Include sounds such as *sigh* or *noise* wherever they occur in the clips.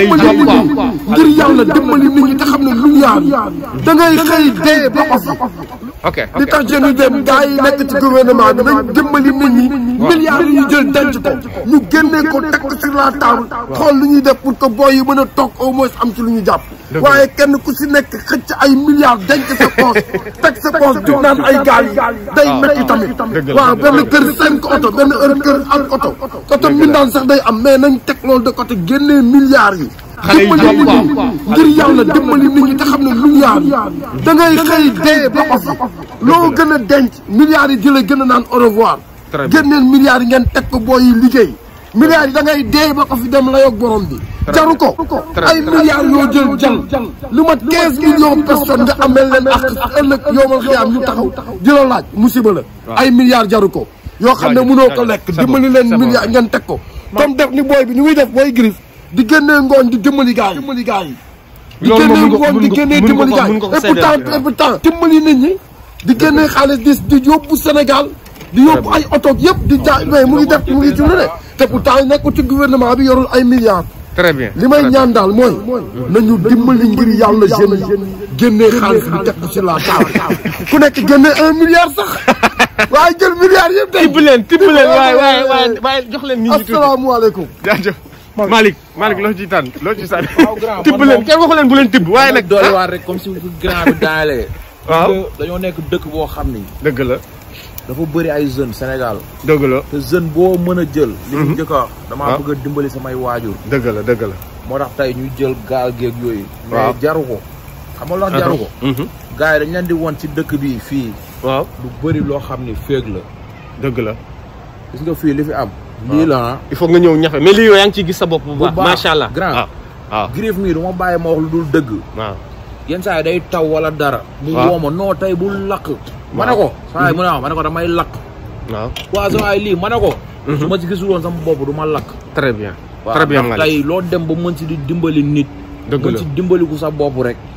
dimbali nit yàlla dimbali nit xam ne lumière da ngay xëy dee ba ok li tax jeunes yi dem gars yi nekk ci gouvernement bi nañ dimbali nit ñi. milliards yi ñu jël denc ko. ñu génne ko teg sur la table. xool lu ñuy def pour que boy yi mën toog au moins am ci lu ñu jàpp. waaye kenn ku si nekk xëcc ay milliards denc sa poos teg sa poos di naan ay gaal yi day métti tamit. waaw benn kër cinq oto benn heure kër ak oto. oto mindaan sax day am mais nañ teg loolu de côté génnee milliards yi. dimbali nit ñi ngir yàlla dimbali nit ñi te xam ne milliard da ngay xëy dee ba of loo gën a denc milliards yi di la gën a naan au revoir génneen milliards yi ngeen teg ko booy yi liggéey milliards yi da ngay dee ba ko fi dem layoog borom bi jaru ko ay milliards yoo jël jël lu mat quinze millions personnes nga amel leen ak ëllëg yoomal xiyaam ñu taxaw di la laaj musiba la ay milliards jaru ko yoo xam ne mënoo ko lekk dimbali leen milliards ngeen teg ko comme def ni booy bi ñu muy def booy Gris di génnee ngooñ di dimbali gars yi dimbali gars yi. di génnee ngooñ di génnee dimbali gars yi et pourtant et pourtant dimbali nit ñi di génnee xaalis di di yóbbu Sénégal di yóbbu ay oto yëpp di jaay mais mu ngi def mu ngi jund ne te pourtant nekkul ci gouvernement bi yorul ay milliards. très bien li may ñaan daal mooy. nañu dimbali ngir yàlla jeunes yi génnee xaalis bi teg ko ci la table *laughs* ku nekk génnee un milliard sax. *laughs* waaye jël milliards yëpp tey. tibb leen tibb leen waaye waaye waaye jox leen. nit ñi tuuti asalaamaaleykum jaajëf. Malick Malick loo ciy tànn loo ciy sànni. waaw grand *laughs* tibb leen kenn waxu leen bu leen tibb waaye nag. doole rek comme si grand bi *laughs* dañoo nekk dëkk boo xam ni. dëgg la. dafa bëri ay jeunes Sénégal. dëgg la jeune boo mën a jël. Mhm. njëkk a dimbali samay waajur. dëgg la moo tax tey ñu jël gaal geeg yooyu. waaw mais jaru ko. xam nga loo jaru ko. Uh-huh. Mhm. gars yi dañ leen di won ci dëkk bi fii. waaw lu bari loo xam ni féeg la. dëgg la. gis nga fii li fi am. lii la ah. il faut nga ñëw ñafe mais lii yow yaa ngi ciy gis sa bopp bu baax macha allah grand ah. ah. Griff mii du ma bàyyi ma wax lu dul dëgg waaw yenn yi day taw wala dara mu woo ma non tey bu lakk ma ne ko saa yi mu ne ma ne ko damay lakk waaw waaw yi lii ma ne ko mhm. su ma ci gisul woon sama bopp du ma lakk très bien très bien tey loo dem ba mën si di dimbali nit mën si ku sa bopp rek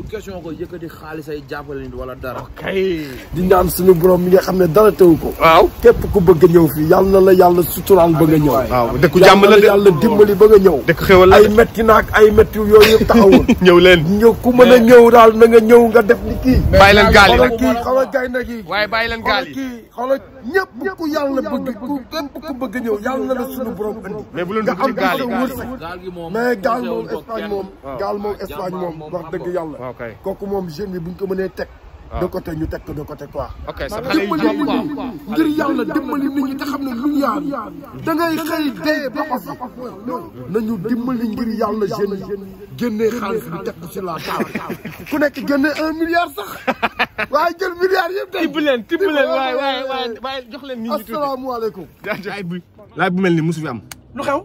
du question ko yëkkati xaalis ay jàppale nit wala dara. ok di ñaan suñu borom mi nga xam ne dara teew ko. waaw képp ku bëgg a ñëw fii yàlla na la yàlla suturaal ba nga ñëw. waaw dëkku jàmm la de yàlla dimbali ba nga ñëw. dëkk xewal la ay métti naag ay métti yooyu yëpp taxawul. *laughs* ñëw leen ñëw ku mën a ñëw daal na nga ñëw nga def ni kii. bàyyi leen gaynde gi. waaye bàyyi leen gaal yi xoolal kii xoolal ku yàlla bëgg ku ku bëgg a ñëw yàlla na la suñu borom andi. mais bu leen dugg ci gaal yi nga wax dëgg yàlla ok kooku moom jeune bi bu ñu ko mënee teg. de côté ñu teg ko de côté quoi. ok sa xale yi jom quoi ngir yàlla dimbali nit ñi te xam ne lu yaar da ngay xëy dee ba ko fi nañu dimbali ngir yàlla jeunes yi génnee xaalis bi teg ko ci la table ku nekk génnee un milliard sax waaye jël milliard yëpp tey. tibb leen tibb leen waaye waaye waaye jox leen nit ñi tuuti asalaamaaleykum. jaajëf laaj bu laaj bu mel ni mosu fi am lu xew.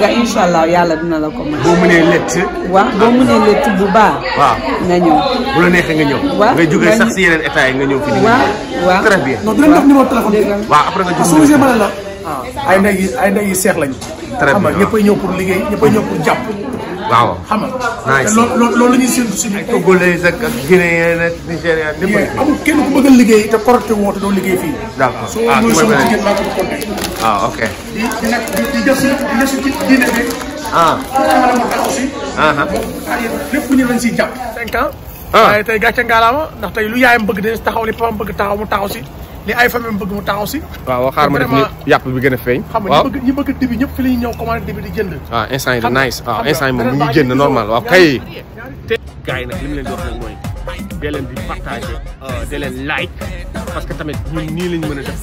nga incha allah yàlla na la ko mën. boo mënee lett. waaw boo mënee lett bu baax. waaw nga ñëw. bu la neexee nga ñëw. waaw nga jógee sax si yeneen état yi nga ñëw fi. waaw waaw très bien. non dinañ dox numéro téléphone bi. waaw après nga ah, jóg numéro la. ay ndey yi ay ndey yi seex lañu. très bien xam nga ñëppay ñëw pour liggéey ñëppay ñëw pour jàpp. waaw xam nga loolu loolu la ñuy séntu si ay togolais ak ak guinéen ak nigérien ak ñëpp amul kenn ku bëgg liggéey te correcté woo te doo liggéey fii ah mooy ah ok di di nag di def si di def ci diine bi ah aussi ah, ah. ah lépp ñu lañ siy jàpp cinq ans ah. waaye tey gàcce ngaalaama ndax tey lu yaayam bëgg de taxaw li papam bëgg taxaw mu taxaw si li ay famille bëgg mu taxaw si. waaw xaar ma def ni yàpp bi gën a feeñ. xam nga ñi bëgg ñi bëgg dibi ñëpp fi la ñuy ñëw commandé dibi di jënd. waaw instant yi de nice waaw instant yi moom mu ngi jënd normal waaw kay. gars yi nag li mu leen di wax mooy dee leen di partagé euh, dee leen like parce que tamit ñun nii lañ mën a def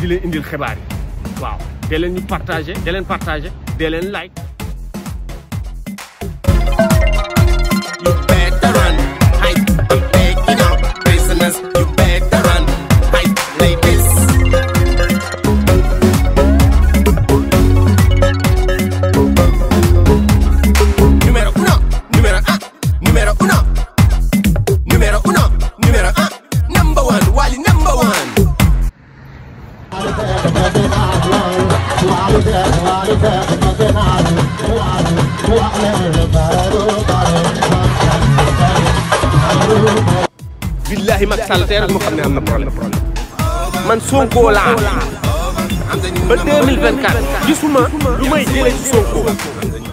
di leen indil xibaar yi waaw dee leen ñu partagé dee leen partagé dee leen like. billahi Macky Sall tey rek mu xam ne am na problème man Sonko laa ba 2024 gisuma lu may jëlee ci Sonko